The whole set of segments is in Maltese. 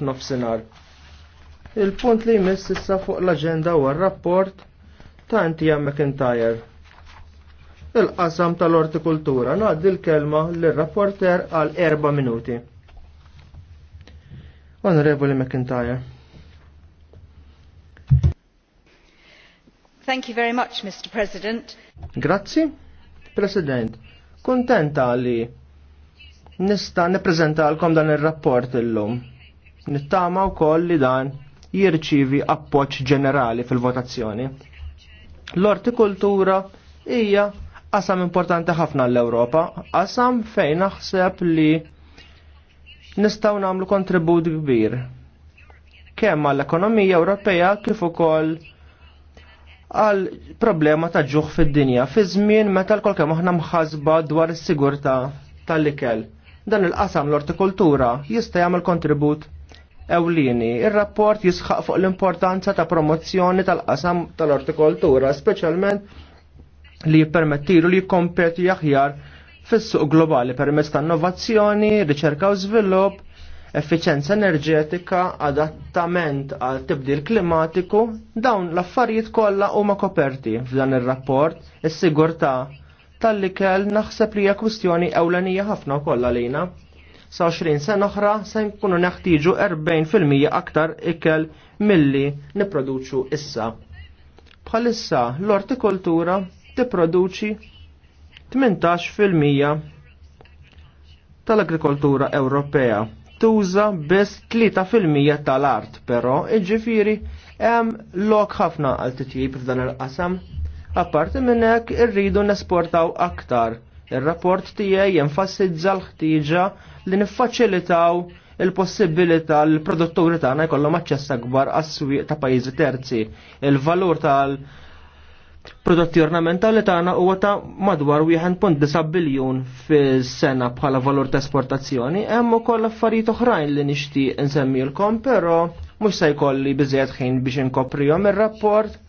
f'nofsinhar. Il-punt li jmiss issa fuq l-aġenda huwa r-rapport ta' Antija McIntyre. Il-qasam tal-ortikultura ngħaddi l-kelma lir-rapporter għal erba' minuti. Onorevoli McIntyre. Thank you very much, Mr. President. Grazzi, President. Kontenta li nista' għalkom dan ir-rapport illum Nittama wkoll li dan jirċivi appoġġ ġenerali fil-votazzjoni. L-ortikultura hija qasam importanti ħafna l-Ewropa, qasam fejn naħseb li nistgħu nagħmlu kontribut kbir kemm għall-ekonomija Ewropea kif ukoll għal problema ta' ġuħ fid-dinja fi żmien meta l kemm aħna mħasba dwar is-sigurtà tal-ikel. Dan il-qasam l-ortikultura jista' jagħmel kontribut ewlini, Ir-rapport jisħaq fuq l-importanza ta' promozzjoni tal-qasam tal-ortikoltura, speċjalment li jippermettilu li jikkompeti aħjar fis-suq globali permezz ta' innovazzjoni, riċerka u żvilupp, effiċenza enerġetika, adattament għal tibdil klimatiku, dawn l-affarijiet kollha huma koperti f'dan ir-rapport, is-sigurtà tal-ikel naħseb li hija kwistjoni ewlenija ħafna wkoll għalina sa 20 sena oħra se nkunu neħtieġu 40% aktar ikel milli nipproduċu issa. Bħalissa l-ortikoltura tipproduċi 18% tal-agrikoltura Ewropea. Tuża biss 3% tal-art, però iġifieri hemm lok ħafna għal titjib f'dan il-qasam. Apparti minn hekk irridu nesportaw aktar Ir-rapport tiegħi jenfasizza l-ħtieġa li niffaċilitaw il possibilita l-produtturi tagħna jkollhom aċċess akbar għas-swieq ta' pajjiżi terzi. Il-valur tal prodotti ornamentali tagħna huwa ta' madwar 1.9 biljun fis-sena bħala valur ta' esportazzjoni, hemm ukoll affarijiet oħrajn li nixtieq insemmilkom, però mhux se jkolli biżejjed ħin biex inkoprihom ir-rapport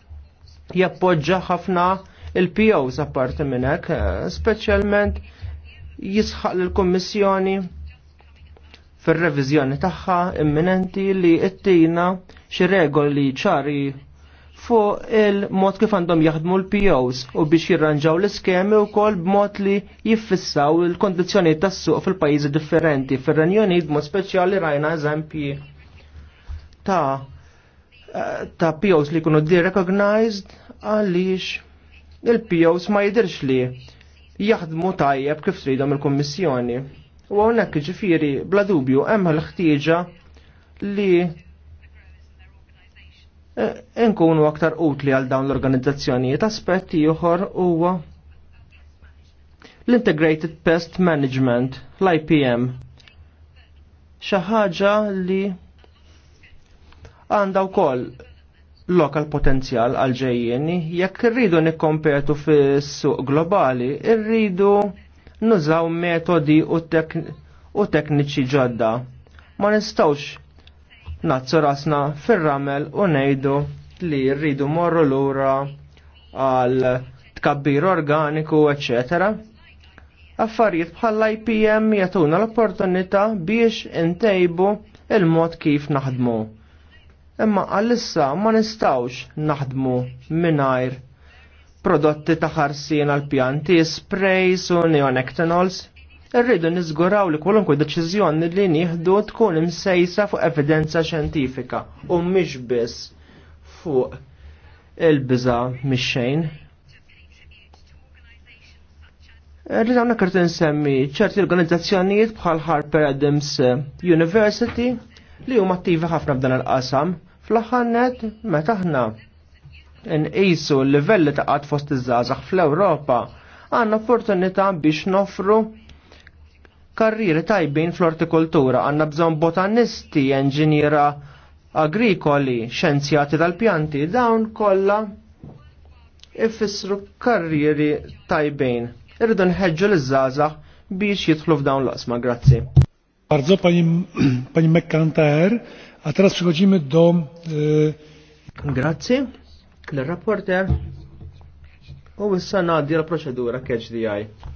jappoġġa ħafna il-POs apparti minn hekk, eh, speċjalment jisħaq lill-Kummissjoni fir-reviżjoni tagħha imminenti li ttina xi regoli ċari fuq il-mod kif għandhom jaħdmu l-POs u biex jirranġaw l-iskemi u kol b'mod li jiffissaw il-kondizjoni tas-suq fil-pajjiżi differenti. Fir-Renju Unit mod speċjali rajna eżempji ta' eh, ta' POs li kunu recognized għaliex il-POs ma jidirx li jaħdmu tajjeb kif tridhom il-Kummissjoni. U hawnhekk ġifieri bla dubju hemm l-ħtieġa li eh, nkunu aktar utli għal dawn l-organizzazzjonijiet aspetti ieħor huwa l-Integrated Pest Management, l-IPM, xi ħaġa li għandha wkoll lokal potenzjal għal ġejjien. jekk irridu nikkompetu fis-suq globali, irridu nużaw metodi u, tekniċi ġodda. Ma nistawx nazzu rasna fir-ramel u nejdu li rridu morru lura għal tkabbir organiku, eccetera affarijiet bħal IPM jatuna l-opportunità biex intejbu il-mod kif naħdmu imma għalissa ma nistawx naħdmu mingħajr prodotti ta' ħarsien għal pjanti, sprays u neonectanols. Irridu niżguraw li kwalunkwe deċiżjoni li nieħdu tkun imsejsa fuq evidenza xjentifika u mhix biss fuq il-biża mix-xejn. Rrid hawnhekk irid ċerti organizzazzjonijiet bħal Harper Adams University li huma attivi ħafna f'dan il-qasam Fl-ħannet, meta ħna nqisu l-livelli ta' qatt fost iż-żgħażagħ fl-Ewropa, għandna opportunità biex nofru karriri tajbin fl ortikultura għandna bżonn botanisti, enġiniera agrikoli, xenzjati tal-pjanti, dawn kollha ifissru karriri tajbin. Irridu nħeġġu l-żgħażagħ biex jidħlu f'dawn l-qasma, grazzi. Bardzo pani, pani McIntyre, A teraz przechodzimy do... E, Grazie. L-rapporter. U issa naddi l-proċedura KHDI.